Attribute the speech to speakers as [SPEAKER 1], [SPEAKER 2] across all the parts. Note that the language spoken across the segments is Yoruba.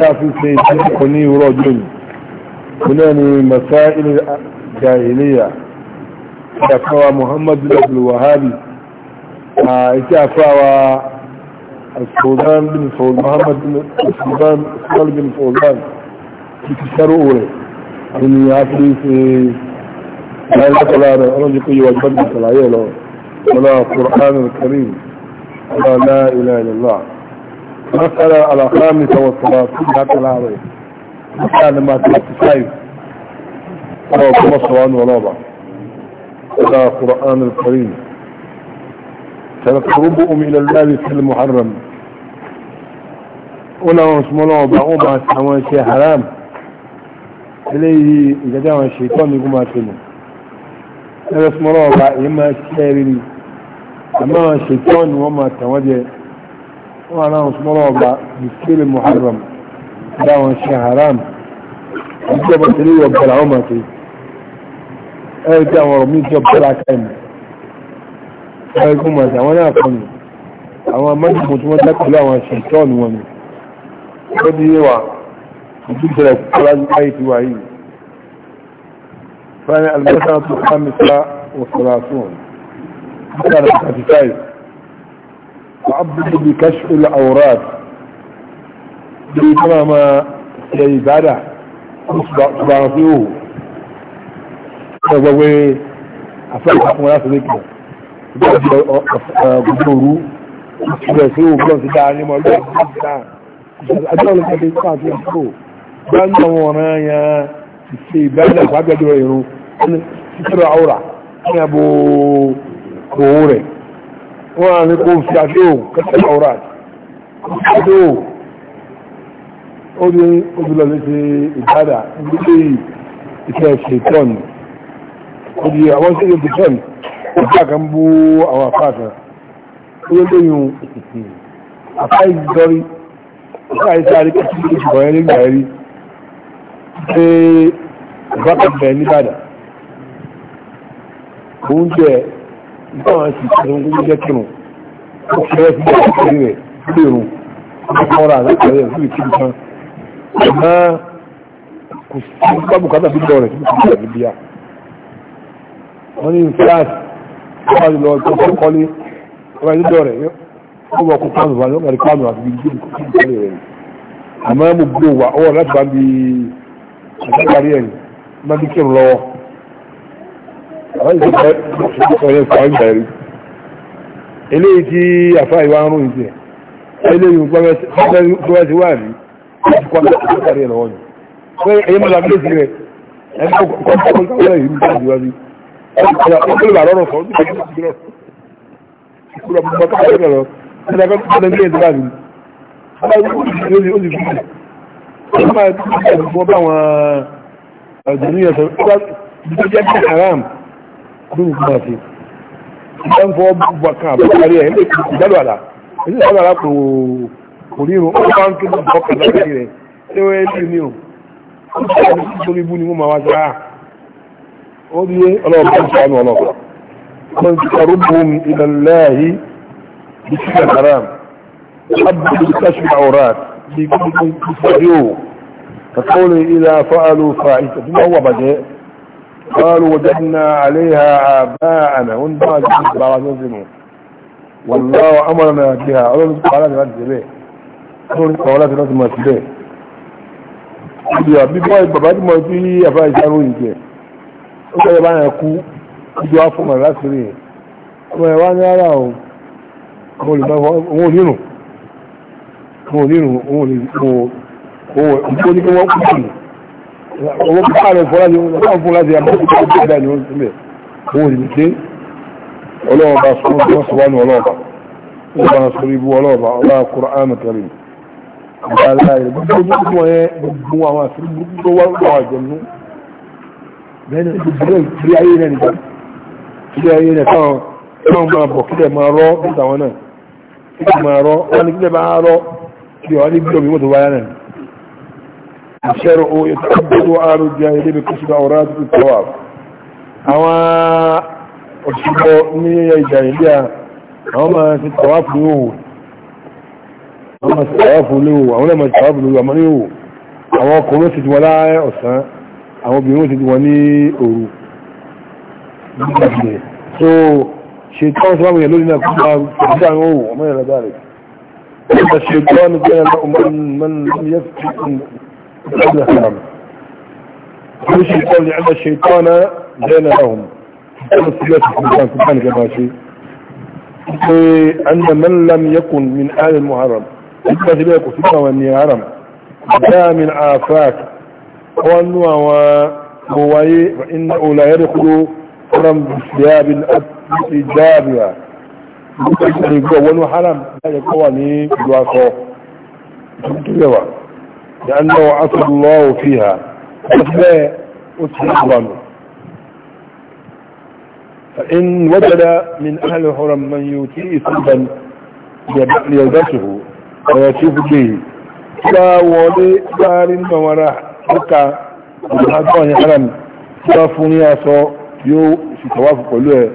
[SPEAKER 1] كافي سيكوني رجل هناني مسائل الجاهلية كافوا محمد بن عبد الوهاب كافوا آه، السودان بن فول محمد بن السودان السودان بن فولان كتشاروا أولي أن يأتي في لا يقول أنا أرجوك يواجبني صلاة ولا القرآن الكريم لا لا إله إلا الله مسألة على خامسة والثلاثين حتى العربية مسألة ما تتسايف أو كما صوان ونوضع إلى القرآن الكريم سنقربهم إلى الله في المحرم ولا الله وضعوا على السحوان شيء حرام إليه إذا دعوا الشيطان يقوم أكلم أولا هذا الله وضعوا على السحوان
[SPEAKER 2] أما الشيطان
[SPEAKER 1] وما التواجه وانا اسمروا بقى بسكيل المحرم دعوة شيء حرام الجبة تليه وبدل عمتي اي دعوة رميز جبة لها كلمة اي قمة وانا اقني اما مجمو تمدك لا وانا شيطان وانا ودي يوع وجبت لك قرآن آية وعيد فانا المسنة الخامسة والثلاثون كانت 35 وعبد بكشف الأوراد بيجمع ما سيبادة وصبعته وزوي أفضل حق مناس ذكره وقال قدوره وصبعته وقال سيبادة وقال سيبادة وقال سيبادة وقال سيبادة وقال مرايا سيبادة وقال سيبادة وقال سيبادة وقال سيبادة وقال سيبادة wọ́n á ní kó fi àdéhù kẹsẹ̀ ọ̀rá àdéhù ó ní obìnrin lè ṣe ìbádà nílé iṣẹ́ ṣètọ́nù ó di àwọn ṣe ìbí tọ́n ó bá kan bú àwọn àfáàkà ó ló lóyún àfá ìdọ́rí àfá ìsáàrí kí ó ti bọ̀ ẹni gbà ẹrí pé báwọn sì ti ń gbé kírun ó fi ẹ́ sílẹ̀ sí rẹ̀ lórí irun ọmọkùnrin àlàkà rẹ̀ lórí kí nǹkan ọ̀nà kò sí bá bùkátà bí wọ́n ní france wọ́n lọ tó fẹ́ kọ́lé wọ́n ní lọ́rẹ̀ wọ́n wọ́n kó kánù wọn lọ́kàrí kánù àti bí gbé kí nǹkan rẹ̀ rẹ̀ àmọ́ mo gbé ọwọ́ láti bá bí àtàkárí ẹ̀ ní má bí lọ́wọ́ àwọn ìṣẹ̀lẹ̀ kan bẹ̀rẹ̀ eléyìí tí àfá ìwà ń rún ìjẹ́ eléyìí gbọ́mẹ́sí wà rí ìkọ́lẹ̀ lọ́wọ́ ni pé èyí mọ́lá bí lèsì rẹ̀ ẹgbẹ́ kọ́kọ́kọ́ ìlú ìjọba rí ọkọ̀lẹ̀ àrọ́rọ̀ sọ ní ìjọba rí ìkúrọ̀ mọ́ kọ́kọ́ rẹ̀ lọ ẹgbẹ́ kọ́kọ́ rẹ̀ lọ́wọ́ ni ó sì fún ọmọ ẹgbẹ́ ìgbọ́ bá wọn ọ̀dùnú yẹn sọ lórí kí máa ṣe ìgbà ń fọwọ́ gbogbo kan àbúkárí ẹ̀ ilé ìjálù àlà èyí ìjálù àlà قالوا وجدنا عليها آباءنا ونبعد بعض نظلمه والله أمرنا بها أولا قالت رد به أولا قالت رد ما سبه bí bọ́ ìbàbá tí mo fi ẹ̀fà ìṣàròyìn jẹ́ ó kẹ́ bá yẹn kú ìjọ afọ́mọ̀ láti rí ọmọ ẹ̀wà ní ara ohun olùmọ̀fọ́ ohun onírùn ohun onírùn ohun olùmọ̀fọ́ ohun onírùn owó pípa rẹ̀ fọ́lá ní ọjọ́ fún láti àmọ́ pípa ọjọ́ ìgbà ní oṣù mẹ́ owó ìdíje ọlọ́ọ̀bá sọ́wọ́n tí wọ́n sọ wá ní ọlọ́ọ̀bá ọlọ́ọ̀bá sọ ibú ọlọ́ọ̀bá ọlá kùránù kẹrì àgbàláyé gbogbo gbogbo wọn yẹn gbogbo àwọn الشرع يتعبد آل الجاهلية بكسب أوراد الثواب أما أشبه نية الجاهلية أما في الثواب له أما الثواب له أولا ما الثواب له أما له أما قومت ولا أسا أما بيوت وني أورو so شيطان سلام يقول لنا كل ما هو وما إلى ذلك
[SPEAKER 2] الشيطان كان
[SPEAKER 1] من لم يفتح قبل الحرم يقول لي لأن الشيطان بين لهم كانت سياسة الشيطان كمان كباشي أن من لم يكن من آل المحرم إذا سبيك سبنا ومن الحرم جاء من آفاك وأنه هو فإنه لا يدخل حرم بثياب الإجابة يقول حرم لا يقوى لي بالواقع يقول لأنه عصر الله فيها أخلاء أتحضن فإن وجد من أهل الحرم من يوتيه صلبا ليلبسه ويشوف به لا ولي دار وراء حكا وحضان حرم صافوني أسو يو توافق له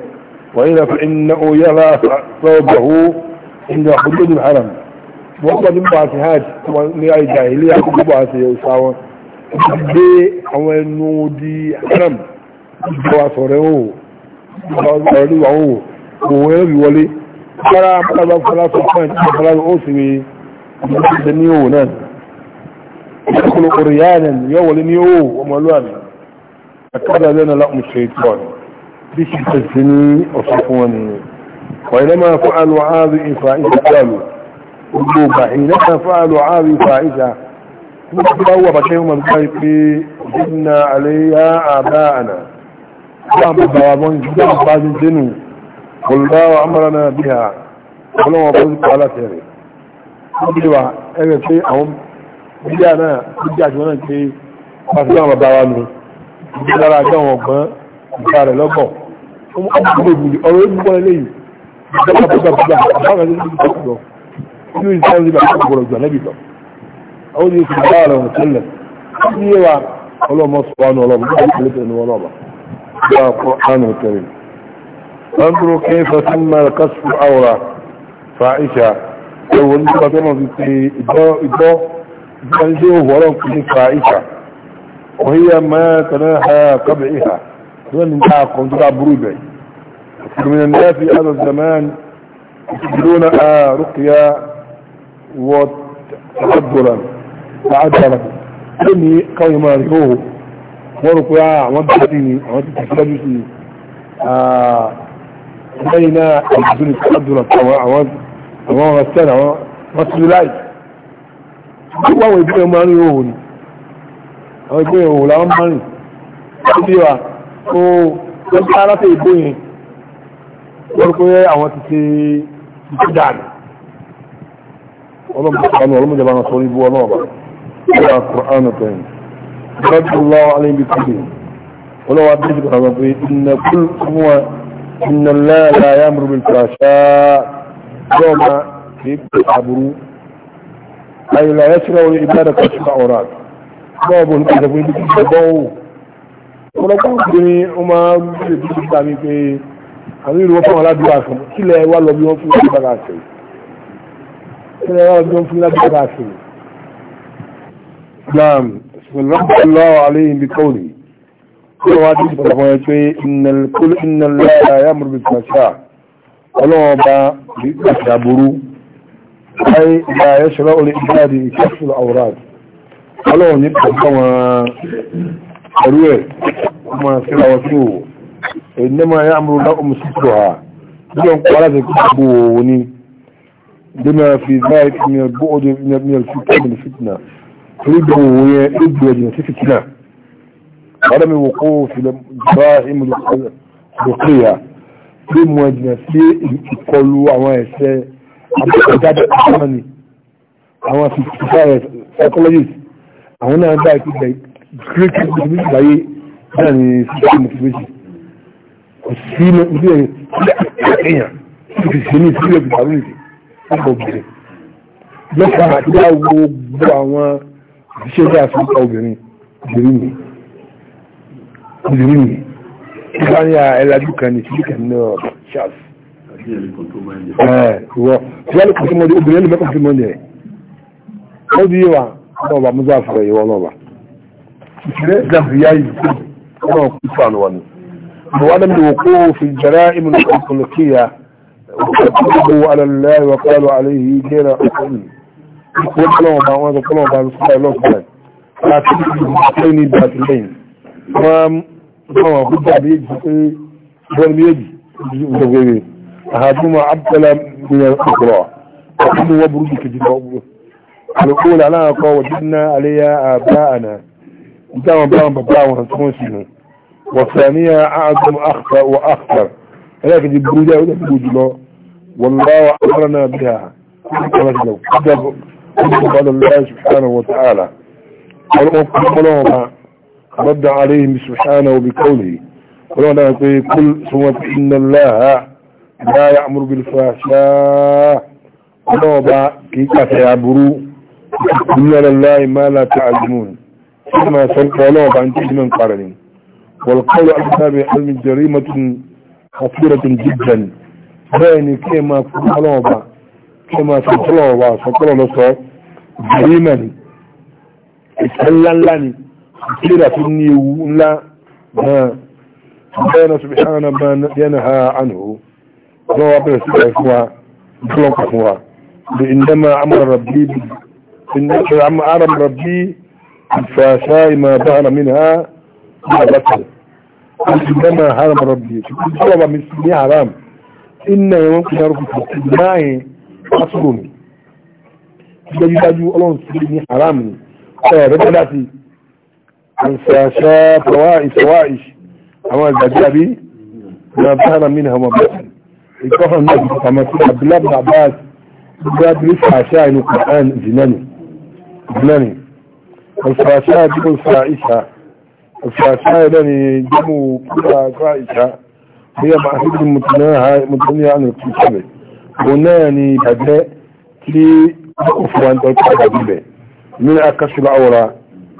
[SPEAKER 1] وإلا فإنه يرى صوبه عند حدود الحرم wọ́n pọ̀ nípa àti hajj ní àìjà ilé àkókò àti òṣà wọn gbé àwọn ẹnu di haram ìjọba sọ̀rọ̀ òwò ìjọba òwò òwò ẹ̀rọ ìwọlé fara fara fara sọ fún ẹ̀jẹ̀ ó sì rí ìjọba ní òwò náà ìjọba òrìyàn yóò wọlé ní òwò ọmọlúwàmí àkádà lẹ́nà láàmú ìtọ́ gbogbo ìlẹ́ kan fáàlù àárín fàáìsà tí wọ́n ti bá wà bàtẹ́ wọn bá rí pé ìdínà àléyà àbá àná wọ́n bá wà wọ́n jíjẹ́ bá ní dénú olùdáwà amára náà bí ha ọlọ́wọ́ bó ti pàálà tẹ̀rẹ̀ wọ́n bí wa ẹgbẹ́ pé àwọn bíyà náà bíyà àti wọn náà pé wọ́n ti bá wọn bá wa nù ìdí lára àjọ wọn gbọ́n ìgbà rẹ̀ lọ́gbọ̀n ọmọ ọmọ ìgbòho ọ̀rọ̀ ìgbòho eléyìí
[SPEAKER 2] ìjọba bíbá bíbá
[SPEAKER 1] àbáwọn ẹgbẹ́ يقول إنسان زي بحق أقول أجل نبي له أو ذي في الجالة ومتلم أبي يوى الله ما سبحانه ولا بقى يحلف إنه ولا بقى يا قرآن الكريم فانظروا كيف سمى القصف الأورى فعيشة لو أنت بطمع في إدو إدو فانزوه ولو كنت فعيشة وهي ما تناحى قبعها وان انتهى قمت بقى بروبعي من الناس في هذا الزمان يسجلون رقيا وتعبرا تعبرا ẹni káwọn ìmọ̀ rẹ̀ hóhò wọ́n rò pé àwọn dáadé ni àwọn ti tẹ̀síwájú sí lẹ́yìn náà àjùdú ní tàbílà àwọn àwọn ọmọ sẹ́n àwọn mọ́sílú láì tí wọ́n wọ́n ìbílẹ̀ máa ń rí hóhò ni àwọn ìbílẹ̀ ولم تسألوا ولم يجب أن صليبوا ونوبة إلى القرآن الكريم رد الله عليه بكلهم ولو أدرك رضي إن كل هو إن الله لا يأمر بالفحشاء يوم يكتبروا أي لا يشرع لعبادة الشعورات باب الكتاب يكتبوا ولو كنت بني أما بني بني بني بني بني بني بني بني بني بني بني kílẹ̀ wọ́n jọ fún lábẹ́ bá ṣe islam sallallahu alayhi bi qawli kí wọ́n ti sọ̀rọ̀ fún ẹ pé kúlù iná lára ya mọ̀rọ̀ bí kàṣà ọlọ́wọ́n bá bí kàṣà burú láì bá yẹ ṣọlá olè ìgbàdì ìkẹ́sùn àwòrán ọlọ́wọ́n ní kàṣà wọn بما في ذلك من البعد من الفتنة من الفتنة تريده يبدو أن فتنة ولم وقوع في الدراهم الخلقية ثم جنسي يقولوا عوان يسي عبد الثماني عوان في الكفاية سيكولوجيس هنا ذلك كريك بالنسبة لي يعني سيكون في الوجه والسيمة في السنين في الوجه obìnrin lọ́pàá àti bá gbogbo àwọn ìṣiṣẹ́ bí àfihàn obìnrin obìnrin ni obìnrin ni tí bá ní ẹlẹ́dù kan ní ìṣiṣẹ́ kan ní ọ̀rọ̀ charles ìwọ tí wọ́n lè kọ́ sí mọ́ni obìnrin lè mẹ́kọ̀ọ́ sí mọ́ni rẹ̀ ó di wa ọba musa fọ̀rọ̀ ìwọ náà ìṣẹ̀lẹ̀ ìdáhùn yá yìí ọ̀rọ̀ kúfà ni wọ́n ni. Àwọn adamadi wò kó fi jẹ́rẹ́ ìmúlẹ̀ ọ̀pọ̀lọpọ̀ وكذبوا على الله وقالوا عليه غير حسن وقالوا ما وانا قالوا ما رسول الله صلى الله عليه باطلين وما هو خد بيجي غير بيجي غير هادوما عبدلا من الاخرى وقوم وبرجك جدا الأول على قوة وجدنا عليها آباءنا دام بلان بباونا تموسينا والثانية أعظم أخطأ وأخطر لكن البرجاء وده بوجه والله أمرنا بها ورجلوا كذب على الله سبحانه وتعالى ولهم رد عليهم سبحانه بقوله قلنا كل سوى إن الله لا يأمر بالفحشاء ونوبا كي تعبروا قلنا لله ما لا تعلمون ثم سلق ونوبا عن من قرن والقول أكثر بحلم جريمة خطيرة جدا bẹ́ẹ̀ ni kí ẹ máa fún ọlọ́ọ̀bà kí ẹ máa fi ọlọ́ọ̀bà sọpọ́lọ̀ lọ sọ jẹ́rìmà ni ìṣẹ́ ńlá ńlá ni ìṣẹ́lá tó ní ewu ńlá náà bẹ́ẹ̀ náà sọ̀bí hàn náà yẹn ha ànú ọlọ́wọ́ wa bẹ̀rẹ̀ sí ìgbà fún wa ìfúnlọ́kọ̀ fún wa bí ìndẹ́mà amara rabbi ìndẹ́mà amara rabbi ìfàṣà ìmà bára mi náà ní àbátà ìndẹ́mà haram rabbi ìfúnlọ́wọ́ mi sí ní haram inna yẹn wọ́n kò dárò kò tó máa yẹn lásìkò mi dájúdájú ọlọ́run sí ní haram ni ọ̀rọ̀ rẹ̀ bọ́dá sí àǹsàṣà fọwá ìṣọwá ìṣ àwọn ìgbàjú àbí náà bá hàrà mìíràn àwọn ọ̀bẹ̀ ìkọ́fà náà ti pàmọ́ sí abdullahi abbas gbádùn ìṣàṣà inú quran zinani zinani àǹsàṣà àdúgbò sa ìṣà àǹsàṣà ẹ̀dọ́ ni kúrò àgbà ìṣà هي معهد المتناهى متناهى عن الكتابة بناني بداء لي أفوان تلقى بداء من أكش العورة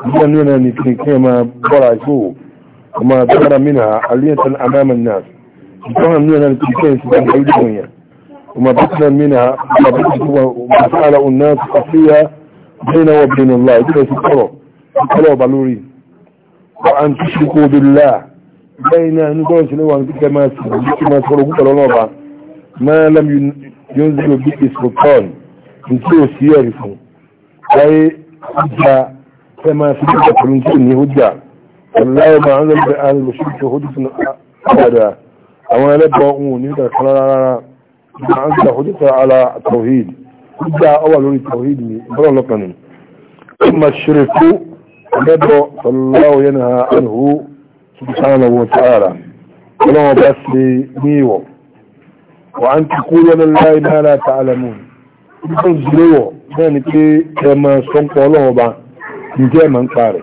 [SPEAKER 1] من يناني كما برعشوه وما ذكر منها علية أمام الناس كما يناني كما سبحان الدنيا وما بطن منها وما فعل الناس خفية بينه وبين الله يجب أن يسكره يسكره بلوري وأن تشركوا بالله lẹ́yìn náà inú kọ́rọ̀ ìṣẹ̀lẹ̀ wà ní kíkẹ́ máa sì ní kí máa sọ̀rọ̀ púpọ̀ lọ́nà ọba máa lẹ́m yóò ń zero big is for turn ní tí ò sí ẹ̀rí fún láyé ìjà fẹ́ máa fi kíkẹ́ pẹ̀lú tí ò ní hujja
[SPEAKER 2] ọ̀láyé máa ń lọ́lẹ́
[SPEAKER 1] àrùn lọ́sí ìṣẹ́ ojú fún àdàdà àwọn ẹlẹ́bọ̀ ohun ní ìgbà ala tawhid hujja ọwà lórí tawhid ní ìbọ̀rọ̀ lọ́kàn ni. ọmọ ṣeré fún ẹlẹ́bọ̀ ọ̀láwọ̀ yẹn سبحانه وتعالى ولو بس ميو وأن تقولوا لله ما لا تعلمون يقول زلو يعني كي كما سنقوا الله با نجي من قاري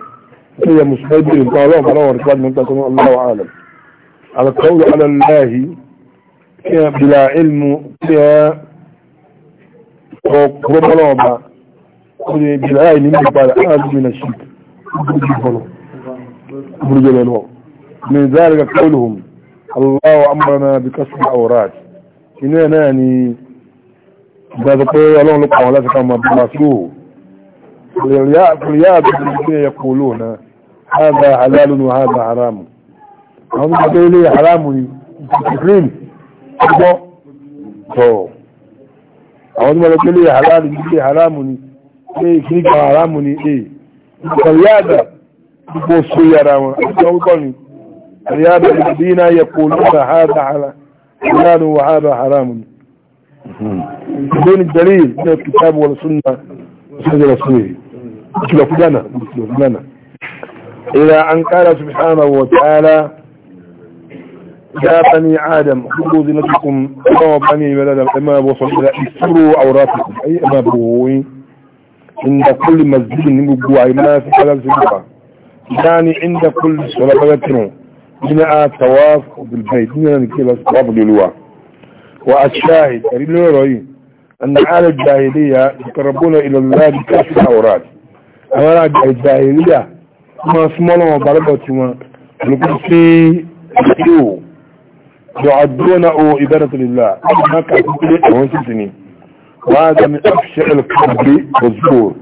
[SPEAKER 1] إيه هي مستدير انت الله بلا ورقات من تكون الله عالم على قول على الله كي بلا علم كي رب الله با كي بلا علم بلا علم من الشرك برجل الله من ذلك قولهم الله أمرنا بكسر الأوراد إننا ناني ماذا قول الله لقوا ولا تكما بلاسوه فلياد الذين يقولون هذا حلال وهذا حرام هم يقولوا لي حرام تكريم تو àwọn ọmọ ọlọ́pẹ́ lè haramu ní lè haramu ní lè kíríkà haramu ní lè ìkọ̀lẹ́ àdà gbogbo sóyára wọn
[SPEAKER 2] رياض الذين يقولون هذا
[SPEAKER 1] حلال وهذا حرام دون الدليل من الكتاب والسنة وسنة رسوله مثل فلانة مثل فلانة إلى أن قال سبحانه وتعالى يا بني آدم خذوا زينتكم أو بني بلد اما وصل إلى اسروا عوراتكم أي اما بوي عند كل مسجد بوعي ما في على سبحانه يعني عند كل صلاة بلدتهم منع التواف بالبيت منع نكيل الصواب للوا والشاهد اللي رأي أن أهل الجاهلية يقربون إلى الله بكشف الأوراد أما الجاهلية ما اسمه وبركتهما يقول في يو يعدونه إبادة لله ما كان سنين وهذا من أفشع الكبر والزور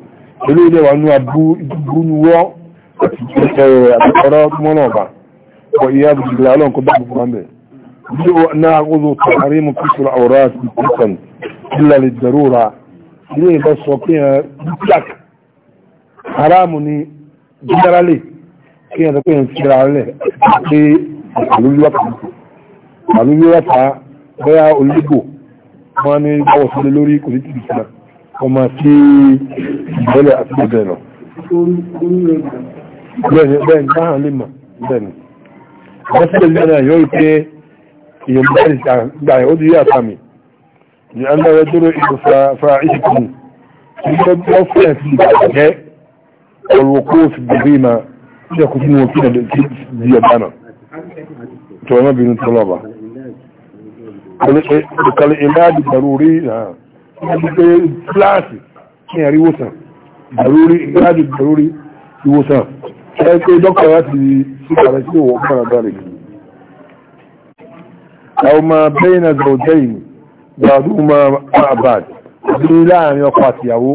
[SPEAKER 1] اللي هو أنه أبو يدبون وراء أبو قرار منوبة وإياه بالله لهم قد بعض القرآن به بدأوا أن أعوذوا تحريم كسر العورات بالقسم إلا للضرورة إليه بس وكيها بطلق حرامني جدر لي كيها تكون انفجر عليه في قالوا لي وقع قالوا بيا أوليكو ما بوصل لوري كنت بسنا وما في بلا أتبع بينه بين بين بين بين mọ́sílẹ̀ náà yóò pé èyàn bá ní gbà ó di sami ní alára dúró ìlú fa ìsìnkú tí ó bọ́ fẹ́ fi jẹ́ ọ̀rọ̀ kó fi gbèrè ma tí a kò fún òfin ẹ̀dẹ̀ tí di na ẹ pé dókítà láti ṣùgbọ́n tí òwò fún àgbàlẹ̀ àwọn ọmọ bẹ́yìn náà zọ̀jẹ́ yìí gbàdúrà máa àbàd ní láàrin ọkọ àtìyàwó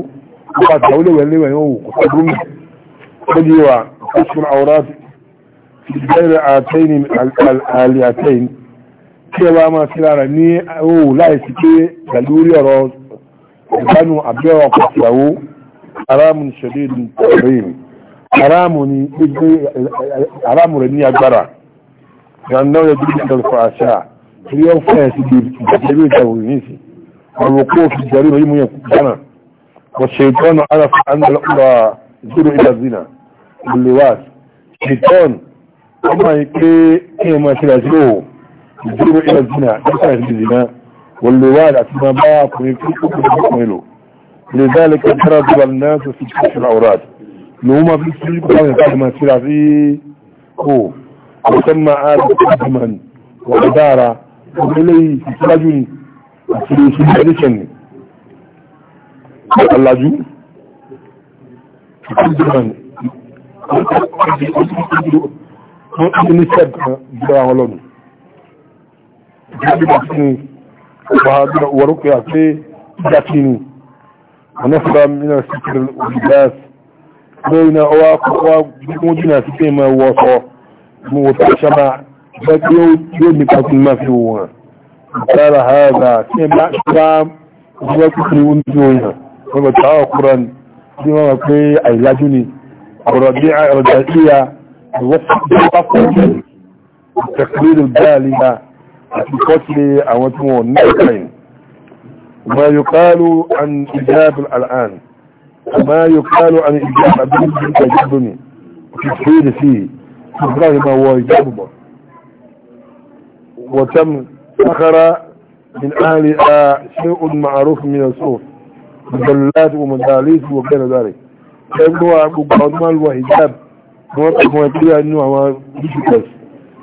[SPEAKER 1] ọkọ àtìyàwó lè wẹ̀lé wẹ̀lé òwò kò sọ gómìnà ó di wà fún àwòrán ìbẹ̀rẹ̀ àtẹ́yìn àlè àtẹ́yìn tí ẹ bá máa sí haramu ni gbogbo haramu rẹ̀ ní agbára ìrànlọ́ rẹ̀ bí ìjọ fọ́ àṣà rí ọ́fẹ́ sí ìgbẹ̀lẹ́ ìjọ òrìníṣì ọ̀rọ̀ kó fi jẹ́rí orí mú yẹn gánà wọ́n ṣe ìtọ́nà arafa anàlọ́pàá zero eight zina olùwàs ṣètọ́n wọ́n máa ń pé kí ẹ máa ṣẹlẹ̀ zero zero eight zina nípa ìṣẹ̀lẹ̀ zina olùwàs àti máa bá ọkùnrin tó kókò lò lè dá lẹ́kọ̀ọ́ tẹ́rà zuwa lòun máa fi sí pàwọn ìfà ìmọ̀ síra sí kò ọ̀sán máa á lè fi ìgbìmọ̀ ni wọ́n dára ọ̀gbẹ́lẹ̀ ìsìlájú ni àti ìsìlájú ni ọ̀làjú ìsìlájú ni wọ́n ti ní sẹ́ẹ̀dì kan jẹ́ àwọn ọlọ́nu ìgbàgbé bàtí ni wọ́n rúkẹ́ àti ìdàtí ni wọ́n náà fura mìíràn sí kiri òbí gáàsì bẹ́ẹ̀ni ọwá kọwàá gbígbójúnà sí pé mọ̀ wọ́ sọ mú wọ́ta ṣába bẹ́ tí ó nípa tí máa fi wọ́n tààrà ààrà tí ẹ bá ìjọba kúkúrú ń tí ó yàn wọ́n tà á ọkùnrin wọ́n wọ́n pé àìlájú ni ọ̀rọ̀ bí ọjà ìyá ìwọ́pàá fún ما يقال عن الإجابة بالنسبة في وتتحيل فيه
[SPEAKER 2] إبراهيم هو يجبه
[SPEAKER 1] وتم سخر من أهلها شيء معروف من الصوف مجلات ومداليس وغير ذلك فإنه أبو قدمال وحجاب موقف وكيع إنه هو بشكس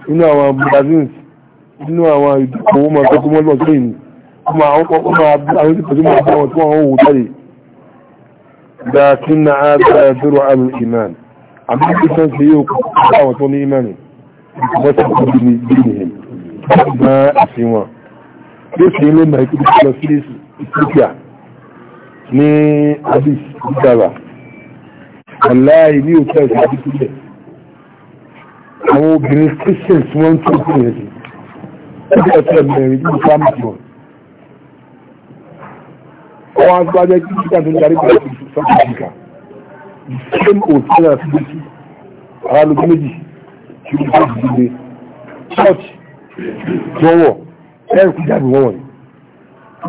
[SPEAKER 1] إنه هو مدازنس إنه هو يدقوا وما تقوم المسلمين وما عبد الله العزيز فزمع الله وما هو تري لكن هذا يدور على الإيمان عمل الإنسان سيئوك وطن إيماني وسط دينهم ما أسيوا ليس لما يكون الفلسطينيس إفريقيا ni hadis ìjọba aláì ní òkè àti àdíkúlẹ̀ àwọn obìnrin christians wọ́n tó kúrò ẹ̀sìn ẹgbẹ́ ọ̀tọ́ ẹ̀mẹ̀rin ní ìfàmìtì àwọn agbájẹ́ kí kíkà tó ń darí pẹ̀lú ìfúnfà kíkà ìfẹ́ o náà fi sí ara lójú méjì tí ó bá ti gbé church lọ́wọ́ ẹ̀rù kíkà ní wọ́n wọ̀nyí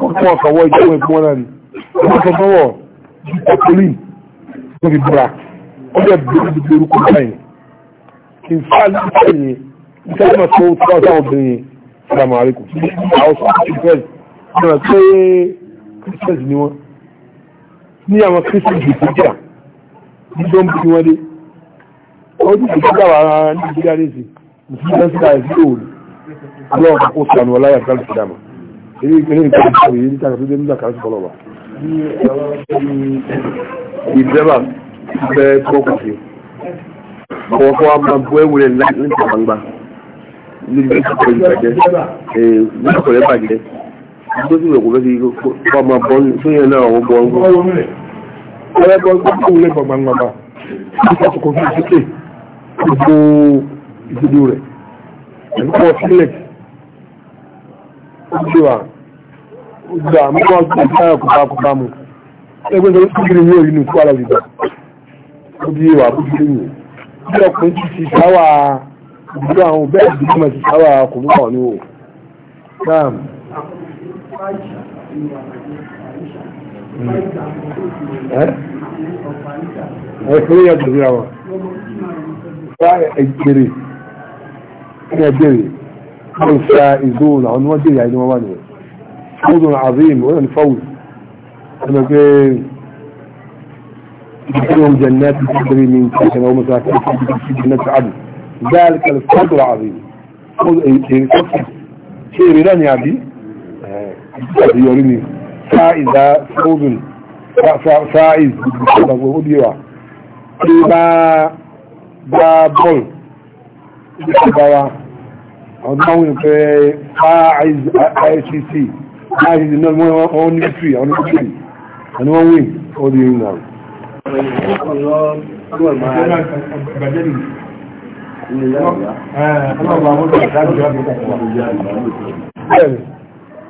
[SPEAKER 1] wọ́n kọ́ ọ̀kan wọ́ ìjọba ẹ̀kọ́ náà ni wọ́n sọ fọ́wọ́ ọ̀pọ̀lìn tó fi búra ó jẹ́ bẹ́ẹ̀ bí orúkọ báyìí kì í fà á lóṣù yìí nítorí mà tó tó àwọn obìnrin yìí christians ni wọn ní àwọn christians yìí kọjá ní tó ń bí wọn dé wọn ti kọjá dáwà ara ní ìgbéga ní ìsìn mùsùlùmí sí àìsí òòlù ọlọ́run kò kó sànù ọláyà kan sí dàmà èyí ìpínlẹ̀ ìpínlẹ̀ ìpínlẹ̀ èyí níta kàtó dé níta kàtó kọlọ̀ wà. ìjọba bẹ tó kù sí ọwọ́ kó wa máa bọ́ ẹ̀wúrẹ́ níta gbangba níbi tí kò ní bàjẹ́
[SPEAKER 2] níbi
[SPEAKER 1] tí kò ní bàjẹ́ tó sì rògbò lọ́sí ọmọ bọ́ọ̀lù tó yẹn náà wọ́n bọ́ọ̀lù. ọ̀rẹ́ bọ́ọ̀lù tó kù lẹ́gbọ̀n gbangbàgbà nípa tó kọjú sókè gbogbo ìdúró rẹ̀ pẹ̀lú pọ̀ sílẹ̀ ó gbé wa ó gbé wa mọ́ ọgbẹ́ táyà kópa kópa mu ẹgbẹ́ tó kú kiri ní òyìnbó tó wà lọ́wọ́ ìgbà ó di ìwà bó kiri nìyẹn bí ọkùnrin ti ti sáwà ìdúró àwọn bẹ́ẹ̀ ìdúró mọ̀ ti sáwà kò mú kàn ní wò. ẹ̀fún yàtọ̀ sí àwọn ẹgbẹ̀rẹ̀ ẹgbẹ̀rẹ̀ kan sa ìzóòlà ọ̀nà wọ́n jẹ́rẹ̀ àìdí wọ́n wà nìyẹn fúdùn àzíìm wọ́n ni fáwùl ọmọ pé ìdíkùn jannati tẹ́gbẹ̀rẹ̀ ní ìtàkùn ọmọ sáfẹ́ jannati àdù ذلك الفضل العظيم خذ ايه ايه شيء رلاني عبي àti yọrí ni sáìdá fóòdùn sáìd ìgbàgbọ́ ó di wa tí bá bá bọ́ọ̀lù ní ṣùgbọ́n wa àwọn tó máa ń pẹ́ ICC ICC náà wọ́n ní tù àwọn ní tù àwọn wọ́n wí ó di yìí náà.
[SPEAKER 2] Bẹ́ẹ̀ni.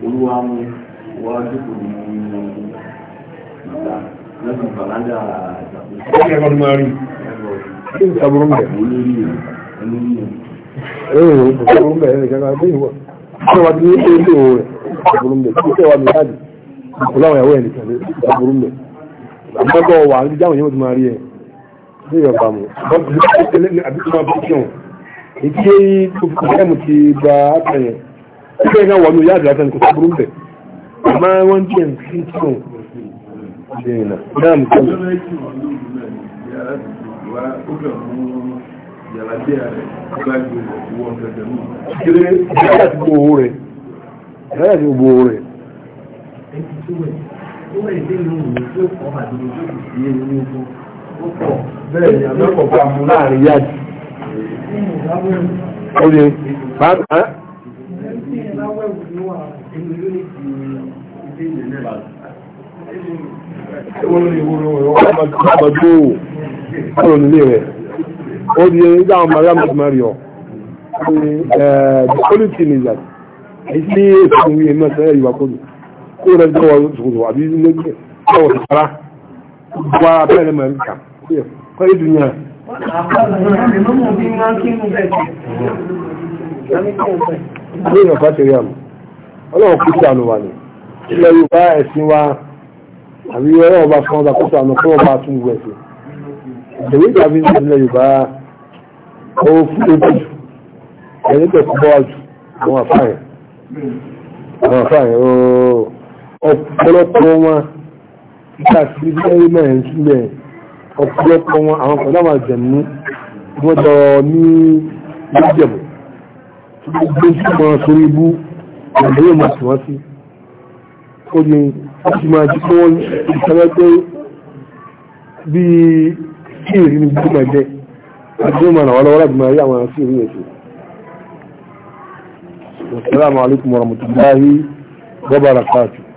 [SPEAKER 2] Olúwa mú wá dúkù ní ìgbà lọ́sùn Bàlájà àjàpọ̀. Ó kí
[SPEAKER 1] ẹgbọ́n máa rí. Kí n sàbúrú mẹ́? Olórí ẹ̀. Olórí ẹ̀. Ó kí ẹgbọ́n mẹ́ ẹ̀rẹ̀ kẹ́kọ̀ọ́ àwọn àti ní ṣe ṣe òun rẹ̀ àbúrú mbẹ̀ kí ṣe wà ní ìyáàdì ìkùlá àwọn ìyàwó ẹ̀ nìkan lé àbúrú mbẹ̀ àbúrú wà ní jáwọn yẹn mo ti máa rí ẹ̀ ní ìyọ̀bà mu àbí tó máa bí kíọ̀n èyí tí tó fi kọ́ ẹ̀mù ti gba àtà yẹn ó fẹ́ ká wà ní ìyáàdì àtà nìkan àbúrú mbẹ̀ àmọ́ wọ́n jẹ́ ní kíọ̀n ìdè ìnà náà nìkan yàrá jẹ́ rẹ̀ aláìgbé ìwọ ọ̀gẹ̀dẹ̀ mú. kéré ìyára ti gbó owó rẹ̀ ìyára ti gbó owó rẹ̀.
[SPEAKER 2] bẹ́ẹ̀ ni àbẹ́kọ̀ọ́ bá mú láàrin
[SPEAKER 1] yáàdì. ó lè pàápàá Ìwọ́n ni ìwọ́n ni ọmọdé ọmọdé ọmọdé rẹ̀ o di ẹni dáhùn mariam ti mari ọ the only thing is that èyí tí èsì ìwé ẹ̀mí ọ̀sán ẹ̀yìn wa kọ́ni kó rẹ̀ jẹ́ wọ́n sòkòtò àbí nígbẹ́ ọ̀wọ̀ sàrà wà bẹ́ẹ̀ ni màá kà kọ́ èdè yẹn. Ní ìyànfà tẹ̀lé àmì, ọlọ́run kú sí àlùwà ni, ilẹ̀ Yorùbá ẹ̀sìn wa àbí ọlọ́run bá fún ọba kó sí àlùwà fún ọba àtúnwò ẹ̀sìn. Ìdèwé ìgbà bí ilẹ̀ Yorùbá ó fúlé jù ẹni tẹ̀ kú bọ́wá jù àwọn àfáàyàn àwọn àfáàyàn ọ̀pọ̀lọpọ̀ wọn nígbà tí ilé mẹ́rin sílẹ̀ ọ̀pọ̀lọpọ̀ wọn àwọn pẹ̀lú àwọn àjẹ̀mú wọ́n jọ ní ìjẹ̀bù tí wọ́n gbé sí wọn sórí ibú ìgbà yóò máa tì wọ́n sí ó ní wọ́n ti máa jí kí wọ́n ìṣẹ́lẹ́gbẹ́ bíi kí àdúmọ̀ náà wọ́lọ́wọ́lá bí máa rí àwọn àti ìrìn ètò Assalamu alaikum warahmatullahi wabarakatuh